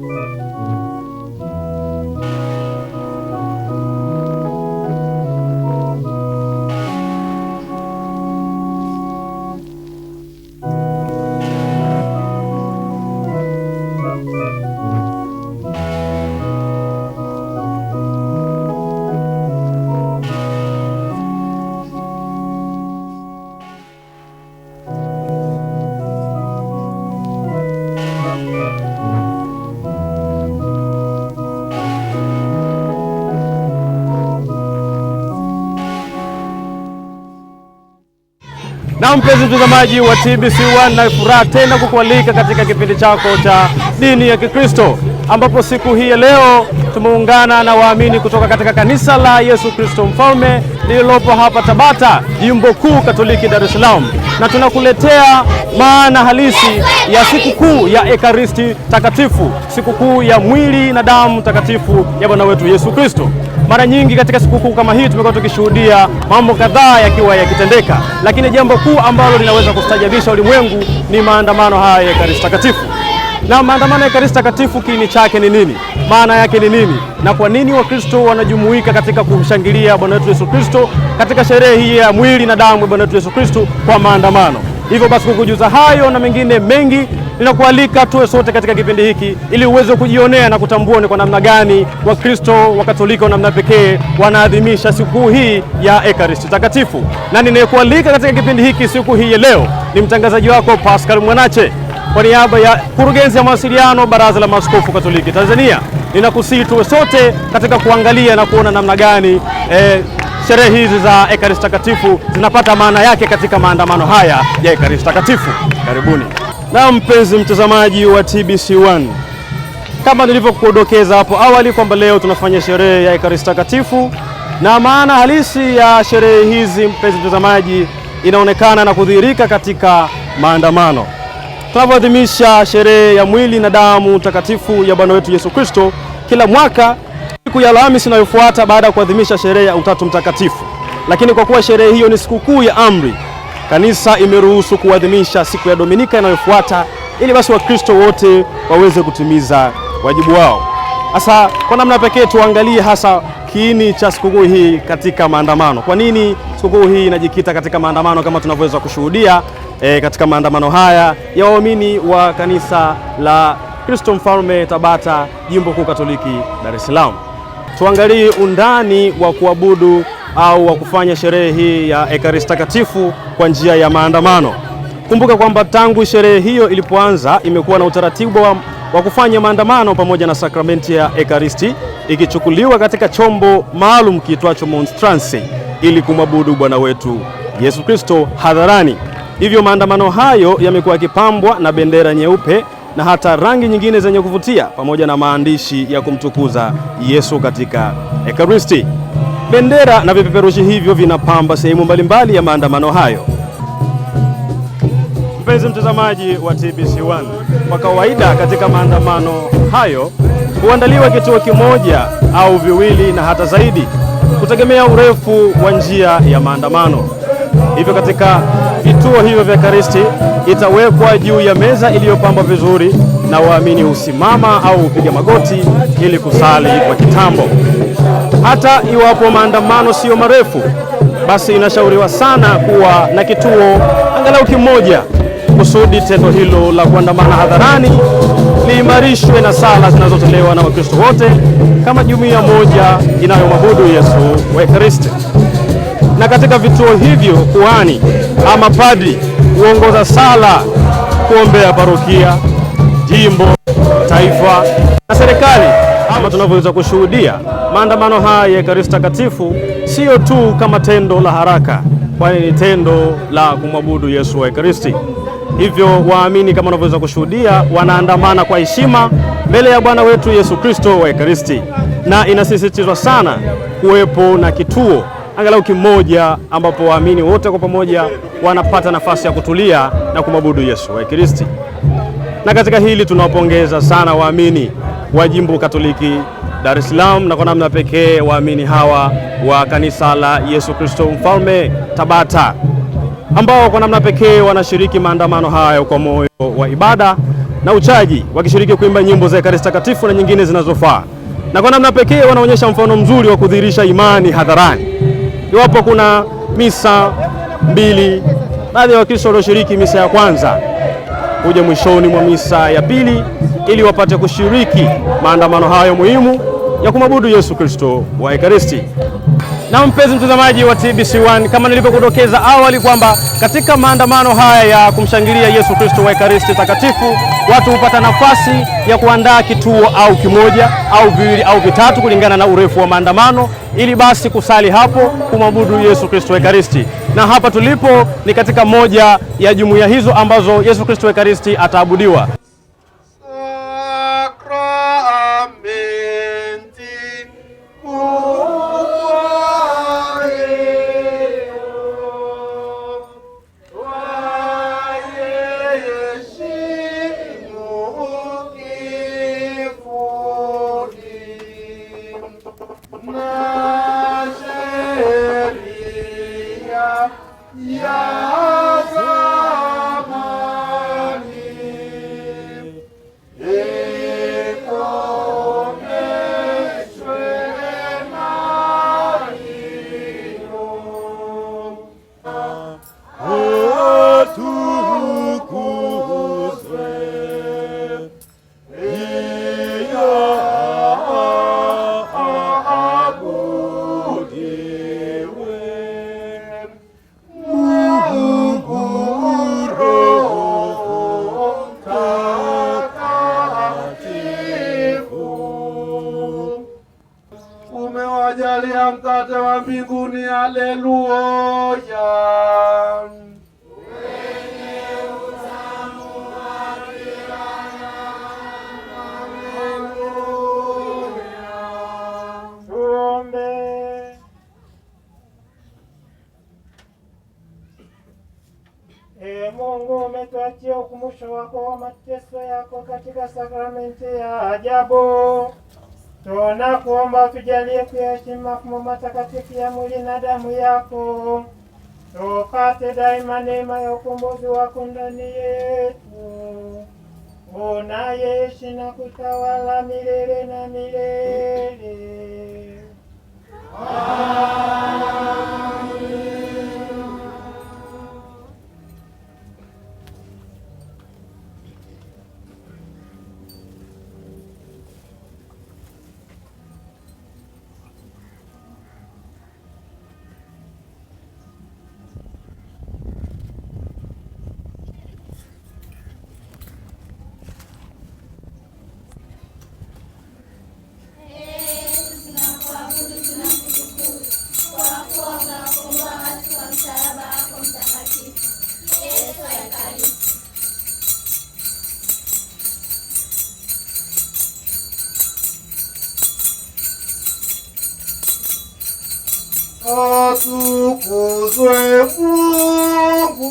Thank you. mpenzi mtazamaji wa TBC 1 na furaha tena kukualika katika kipindi chako cha dini ya Kikristo, ambapo siku hii ya leo tumeungana na waamini kutoka katika kanisa la Yesu Kristo Mfalme lililopo hapa Tabata, jimbo kuu Katoliki Dar es Salaam, na tunakuletea maana halisi ya sikukuu ya Ekaristi Takatifu, sikukuu ya mwili na damu takatifu ya Bwana wetu Yesu Kristo. Mara nyingi katika sikukuu kama hii tumekuwa tukishuhudia mambo kadhaa yakiwa yakitendeka, lakini jambo kuu ambalo linaweza kustajabisha ulimwengu ni maandamano haya ya Ekaristi Takatifu. Na maandamano ya Ekaristi Takatifu, kiini chake ni nini? Maana yake ni nini? Na kwa nini Wakristo wanajumuika katika kumshangilia Bwana wetu Yesu Kristo katika sherehe hii ya mwili na damu ya Bwana wetu Yesu Kristo kwa maandamano? Hivyo basi kukujuza hayo na mengine mengi Ninakualika tuwe sote katika kipindi hiki ili uweze kujionea na kutambua ni kwa namna gani Wakristo Wakatoliki wa namna pekee wanaadhimisha siku hii ya Ekaristi Takatifu. Na ninayekualika katika kipindi hiki siku hii ya leo ni mtangazaji wako Pascal Mwanache kwa niaba ya kurugenzi ya mawasiliano Baraza la Maaskofu Katoliki Tanzania. Ninakusihi tuwe sote katika kuangalia na kuona namna gani eh, sherehe hizi za Ekaristi Takatifu zinapata maana yake katika maandamano haya ya Ekaristi Takatifu. Karibuni. Na mpenzi mtazamaji wa TBC1, kama nilivyokudokeza hapo awali kwamba leo tunafanya sherehe ya Ekaristi Takatifu, na maana halisi ya sherehe hizi, mpenzi mtazamaji, inaonekana na kudhihirika katika maandamano tunavyoadhimisha sherehe ya mwili na damu takatifu ya Bwana wetu Yesu Kristo kila mwaka siku ya Alhamisi inayofuata baada ya kuadhimisha sherehe ya Utatu Mtakatifu. Lakini kwa kuwa sherehe hiyo ni sikukuu ya amri Kanisa imeruhusu kuadhimisha siku ya Dominika inayofuata ili basi Wakristo wote waweze kutimiza wajibu wao. Sasa kwa namna pekee tuangalie hasa kiini cha sikukuu hii katika maandamano. Kwa nini sikukuu hii inajikita katika maandamano kama tunavyoweza kushuhudia e, katika maandamano haya ya waumini wa kanisa la Kristo Mfalme Tabata, Jimbo Kuu Katoliki Dar es Salaam. Tuangalie undani wa kuabudu au wa kufanya sherehe hii ya Ekaristi Takatifu kwa njia ya maandamano. Kumbuka kwamba tangu sherehe hiyo ilipoanza imekuwa na utaratibu wa, wa kufanya maandamano pamoja na sakramenti ya Ekaristi ikichukuliwa katika chombo maalum kiitwacho monstrance ili kumwabudu Bwana wetu Yesu Kristo hadharani. Hivyo maandamano hayo yamekuwa yakipambwa na bendera nyeupe na hata rangi nyingine zenye kuvutia pamoja na maandishi ya kumtukuza Yesu katika Ekaristi. Bendera na vipeperushi hivyo vinapamba sehemu mbalimbali ya maandamano hayo. Mpenzi mtazamaji wa TBC1, kwa kawaida katika maandamano hayo huandaliwa kituo kimoja au viwili na hata zaidi kutegemea urefu wa njia ya maandamano. Hivyo katika vituo hivyo vya Karisti itawekwa juu ya meza iliyopambwa vizuri na waamini husimama au hupiga magoti ili kusali kwa kitambo. Hata iwapo maandamano siyo marefu, basi inashauriwa sana kuwa na kituo angalau kimoja, kusudi tendo hilo la kuandamana hadharani liimarishwe na sala zinazotolewa na Wakristo wote kama jumuiya moja inayomwabudu Yesu wa Ekaristi. Na katika vituo hivyo kuhani ama padri huongoza sala kuombea parokia, jimbo, taifa na serikali. Kama tunavyoweza kushuhudia, maandamano haya ya Ekaristi Takatifu siyo tu kama tendo la haraka, kwani ni tendo la kumwabudu Yesu wa Ekaristi. Hivyo waamini, kama unavyoweza kushuhudia, wanaandamana kwa heshima mbele ya Bwana wetu Yesu Kristo wa Ekaristi, na inasisitizwa sana kuwepo na kituo angalau kimoja ambapo waamini wote kwa pamoja wanapata nafasi ya kutulia na kumwabudu Yesu wa Ekaristi. Na katika hili tunawapongeza sana waamini wa Jimbo Katoliki Dar es Salaam, na kwa namna pekee waamini hawa wa kanisa la Yesu Kristo Mfalme Tabata, ambao kwa namna pekee wanashiriki maandamano hayo kwa moyo wa ibada na uchaji, wakishiriki kuimba nyimbo za Ekaristi Takatifu na nyingine zinazofaa, na kwa namna pekee wanaonyesha mfano mzuri wa kudhihirisha imani hadharani. Iwapo kuna misa mbili, baadhi ya Wakristo walioshiriki misa ya kwanza kuja mwishoni mwa misa ya pili ili wapate kushiriki maandamano hayo muhimu ya kumwabudu Yesu Kristo wa Ekaristi. Na mpenzi mtazamaji wa TBC1, kama nilivyokudokeza awali kwamba katika maandamano haya ya kumshangilia Yesu Kristo wa Ekaristi Takatifu, watu hupata nafasi ya kuandaa kituo au kimoja au viwili au vitatu kulingana na urefu wa maandamano ili basi kusali hapo kumwabudu Yesu Kristo Ekaristi. Na hapa tulipo ni katika moja ya jumuiya hizo ambazo Yesu Kristo Ekaristi ataabudiwa. mtakatifu. Umewajalia mkate wa mbinguni, haleluya. mwisho wako wa mateso yako katika sakramenti ya ajabu. Tunakuomba tujalie kuyaheshimu mafumbo matakatifu ya mwili na damu yako, tupate daima neema ya ukombozi wako ndani yetu, unayeishi na kutawala milele na milele. Amen. atukuzwe Mungu,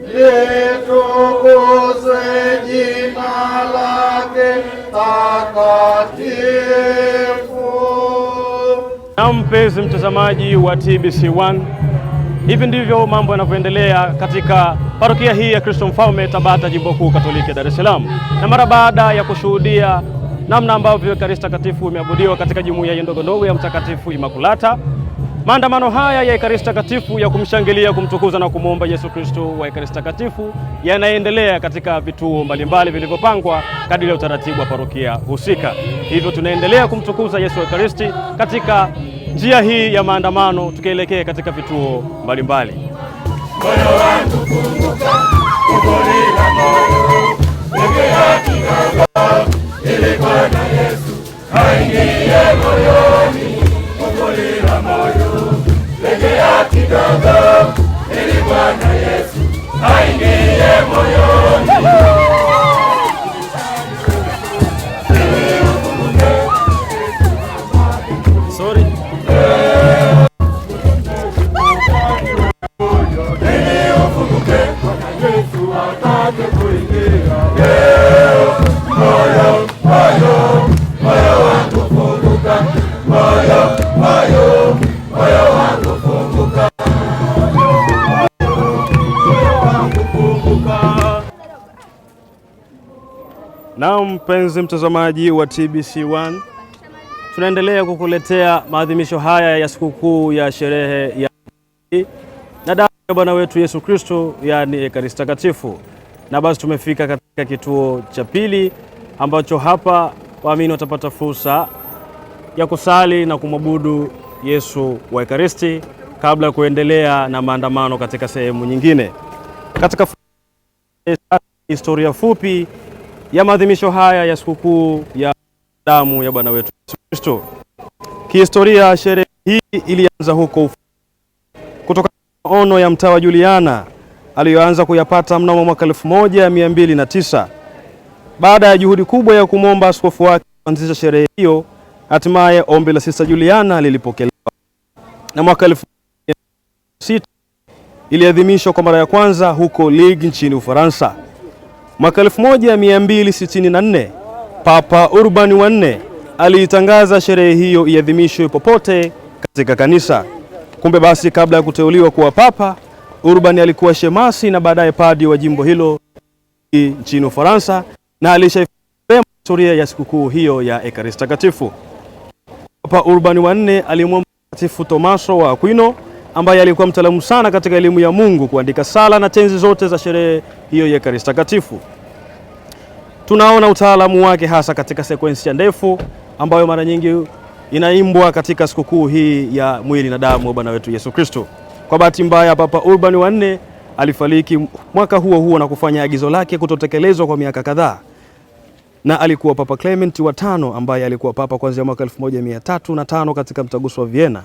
litukuzwe jina lake takatifu. Na mpenzi mtazamaji wa TBC1, hivi ndivyo mambo yanavyoendelea katika parokia hii ya Kristo Mfalme Tabata, jimbo kuu Katoliki Dar es Salaam, na mara baada ya kushuhudia namna ambavyo Ekaristi Takatifu imeabudiwa katika jumuiya hii ndogo ndogo ya Mtakatifu Imakulata. Maandamano haya ya Ekaristi Takatifu ya kumshangilia, kumtukuza na kumwomba Yesu Kristo wa Ekaristi Takatifu yanaendelea katika vituo mbalimbali vilivyopangwa kadiri ya utaratibu wa parokia husika. Hivyo tunaendelea kumtukuza Yesu wa Ekaristi katika njia hii ya maandamano tukielekea katika vituo mbalimbali aingie moyoni, kukulia moyo, legea kidogo, ili Bwana Yesu aingie moyoni mpenzi mtazamaji wa TBC1, tunaendelea kukuletea maadhimisho haya ya sikukuu ya sherehe ya na damu ya Bwana wetu Yesu Kristo, yaani Ekaristi Takatifu. Na basi tumefika katika kituo cha pili ambacho hapa waamini watapata fursa ya kusali na kumwabudu Yesu wa Ekaristi kabla ya kuendelea na maandamano katika sehemu nyingine. Katika historia fupi ya maadhimisho haya ya sikukuu ya damu ya Bwana wetu Yesu Kristo. Kihistoria, sherehe hii ilianza huko kutoka ono maono ya mtawa Juliana aliyoanza kuyapata mnamo mwaka tisa baada ya juhudi kubwa ya kumwomba askofu wake kuanzisha sherehe hiyo. Hatimaye ombi la Sista Juliana lilipokelewa na mwaka sita iliadhimishwa kwa mara ya kwanza huko ligi nchini Ufaransa. Mwaka 1264 Papa Urbani wa nne aliitangaza sherehe hiyo iadhimishwe popote katika kanisa. Kumbe basi, kabla ya kuteuliwa kuwa papa, Urbani alikuwa shemasi na baadaye padi wa jimbo hilo nchini Ufaransa, na alishaifema historia ya sikukuu hiyo ya Ekaristi Takatifu. Papa Urbani wa nne alimwomba Mtakatifu Tomaso wa Aquino ambaye alikuwa mtaalamu sana katika elimu ya Mungu, kuandika sala na tenzi zote za sherehe hiyo ya Ekaristi Takatifu. Tunaona utaalamu wake hasa katika sekwensia ndefu ambayo mara nyingi inaimbwa katika sikukuu hii ya mwili na damu wa Bwana wetu Yesu Kristo. Kwa bahati mbaya, Papa Urban wa nne alifariki mwaka huo huo na kufanya agizo lake kutotekelezwa kwa miaka kadhaa, na alikuwa Papa Clement wa tano ambaye alikuwa papa kuanzia mwaka 1305 katika mtaguso wa Vienna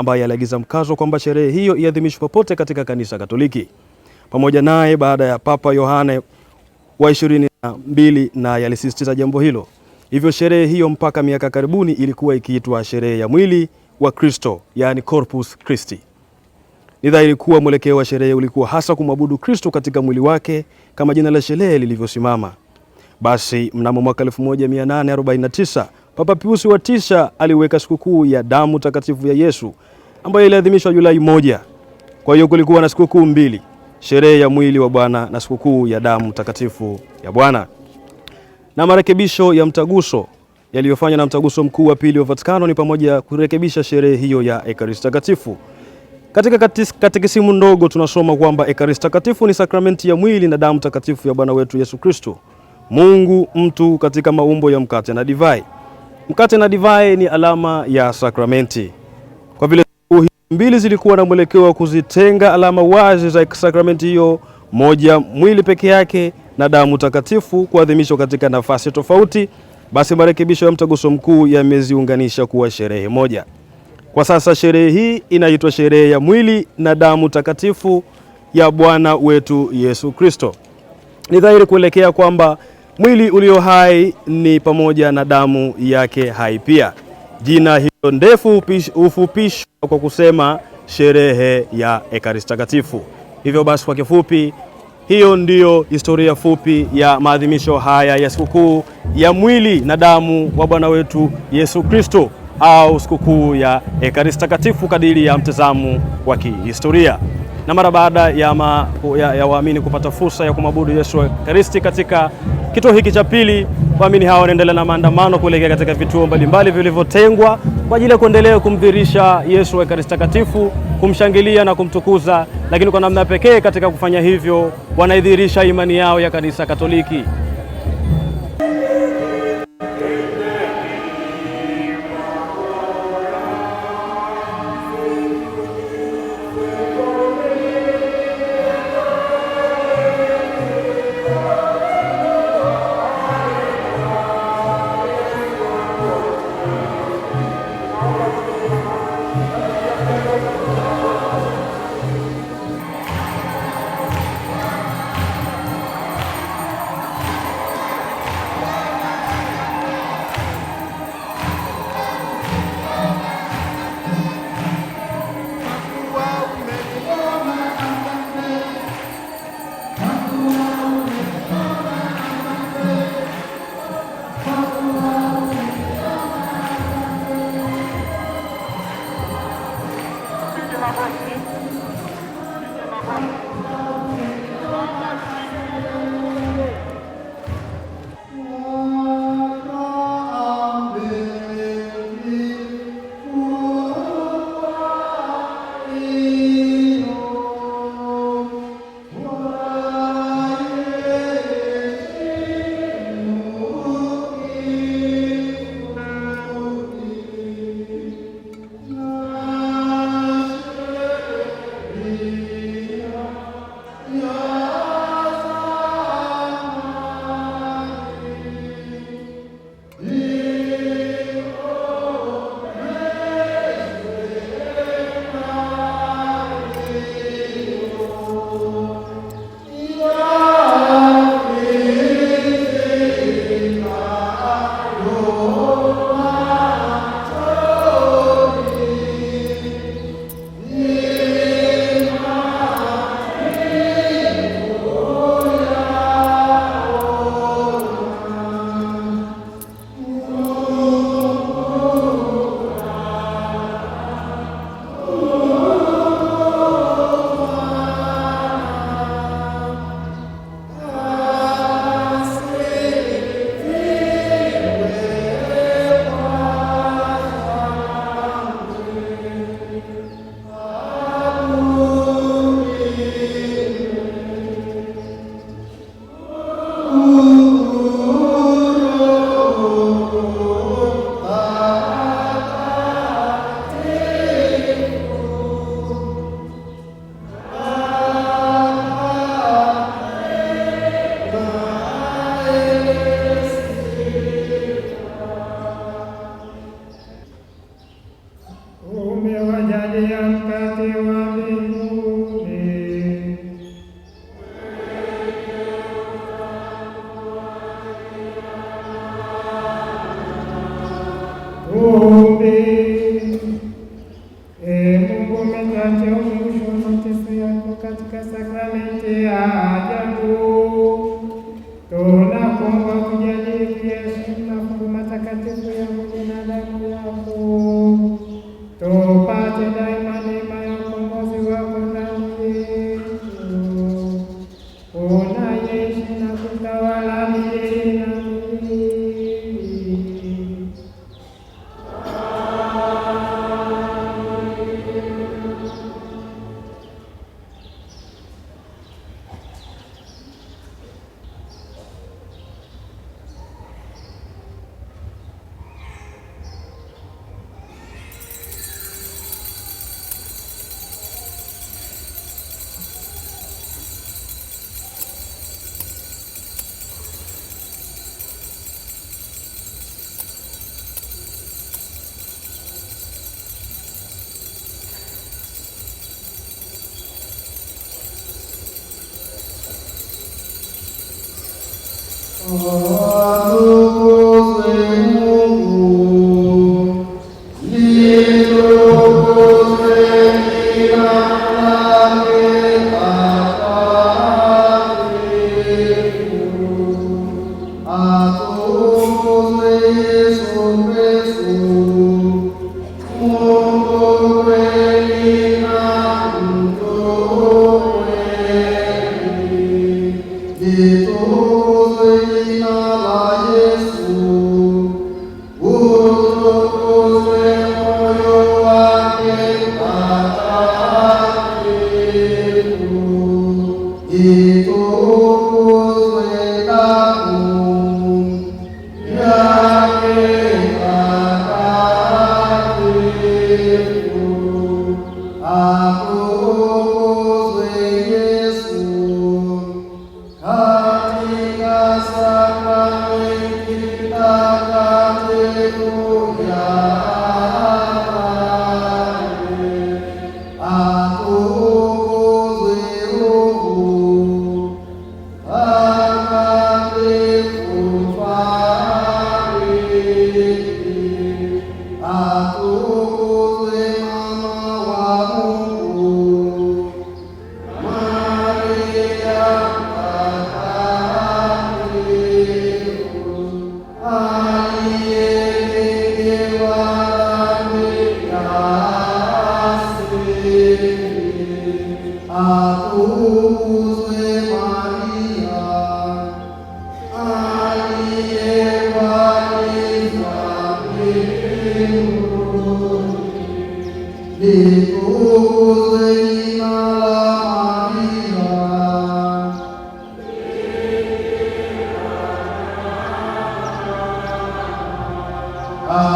ambaye aliagiza mkazo kwamba sherehe hiyo iadhimishwe popote katika kanisa Katoliki. Pamoja naye, baada ya Papa Yohane wa 22 na alisisitiza jambo hilo. Hivyo sherehe hiyo mpaka miaka karibuni ilikuwa ikiitwa sherehe ya mwili wa Kristo, yaani Corpus Christi. Ni dhahiri kuwa mwelekeo wa sherehe ulikuwa hasa kumwabudu Kristo katika mwili wake kama jina la sherehe lilivyosimama. Basi mnamo mwaka 1849 Papa Piusi wa tisa aliweka sikukuu ya damu takatifu ya Yesu ambayo iliadhimishwa Julai moja. Kwa hiyo kulikuwa na sikukuu mbili, sherehe ya mwili wa Bwana na sikukuu ya damu takatifu ya Bwana. Na marekebisho ya mtaguso yaliyofanywa na mtaguso mkuu wa pili wa Vatikano ni pamoja kurekebisha sherehe hiyo ya Ekaristi Takatifu. Katika katekisimu ndogo tunasoma kwamba Ekaristi Takatifu ni sakramenti ya mwili na damu takatifu ya Bwana wetu Yesu Kristo, Mungu mtu katika maumbo ya mkate na divai. Mkate na divai ni alama ya sakramenti mbili zilikuwa na mwelekeo wa kuzitenga alama wazi za sakramenti hiyo, moja mwili peke yake na damu takatifu kuadhimishwa katika nafasi tofauti. Basi marekebisho ya mtaguso mkuu yameziunganisha kuwa sherehe moja. Kwa sasa sherehe hii inaitwa sherehe ya mwili na damu takatifu ya Bwana wetu Yesu Kristo. Ni dhahiri kuelekea kwamba mwili ulio hai ni pamoja na damu yake hai pia. Jina hilo ndefu hufupishwa kwa kusema sherehe ya Ekaristi Takatifu. Hivyo basi, kwa kifupi, hiyo ndiyo historia fupi ya maadhimisho haya ya sikukuu ya mwili na damu wa Bwana wetu Yesu Kristo au sikukuu ya Ekaristi Takatifu kadiri ya mtazamo wa kihistoria. Na mara baada ya, ya, ya waamini kupata fursa ya kumwabudu Yesu Ekaristi katika kituo hiki cha pili Waamini hawa wanaendelea na maandamano kuelekea katika vituo mbalimbali vilivyotengwa kwa ajili ya kuendelea kumdhirisha Yesu wa Ekaristi Takatifu, kumshangilia na kumtukuza, lakini kwa namna pekee katika kufanya hivyo wanaidhirisha imani yao ya Kanisa Katoliki. Gracias. Espírito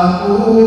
aku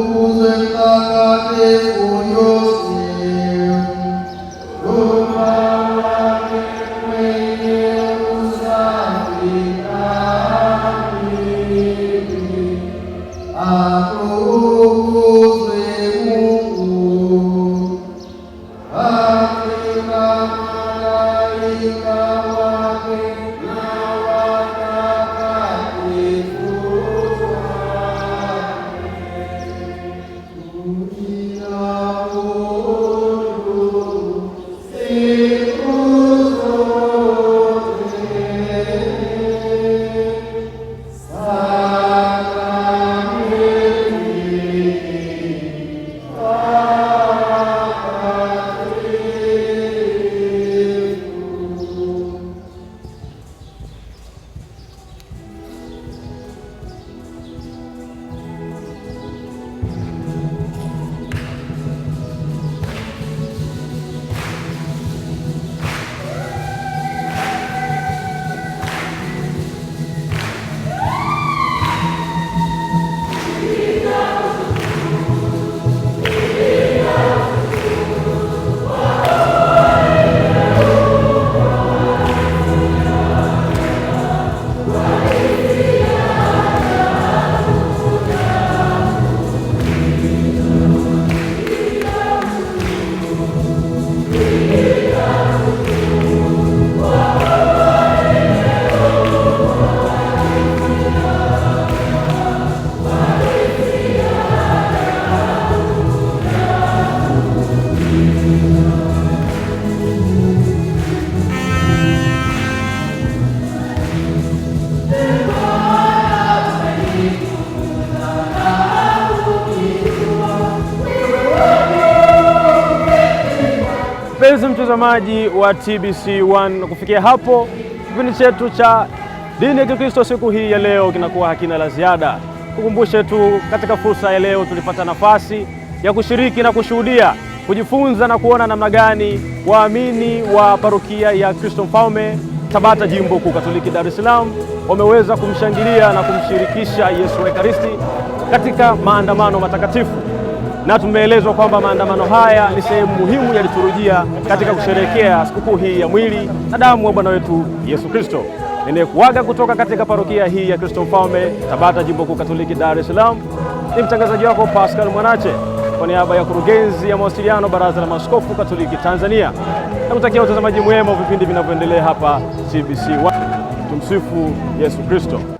mtazamaji wa TBC 1 kufikia hapo kipindi chetu cha dini ya Kikristo siku hii ya leo kinakuwa hakina la ziada. Kukumbushe tu katika fursa ya leo tulipata nafasi ya kushiriki na kushuhudia, kujifunza na kuona namna gani waamini wa parokia ya Kristo Mfalme Tabata Jimbo Kuu Katoliki Dar es Salaam wameweza kumshangilia na kumshirikisha Yesu wa Ekaristi katika maandamano matakatifu na tumeelezwa kwamba maandamano haya ni sehemu muhimu ya liturujia katika kusherehekea sikukuu hii ya mwili na damu ya Bwana wetu Yesu Kristo. Ninayekuaga kutoka katika parokia hii ya Kristo Mfalme Tabata, jimbo kuu Katoliki Dar es Salaam, ni mtangazaji wako Pascal Mwanache kwa niaba ya kurugenzi ya mawasiliano Baraza la Maaskofu Katoliki Tanzania, na kutakia utazamaji mwema wa vipindi vinavyoendelea hapa CBC. Tumsifu Yesu Kristo.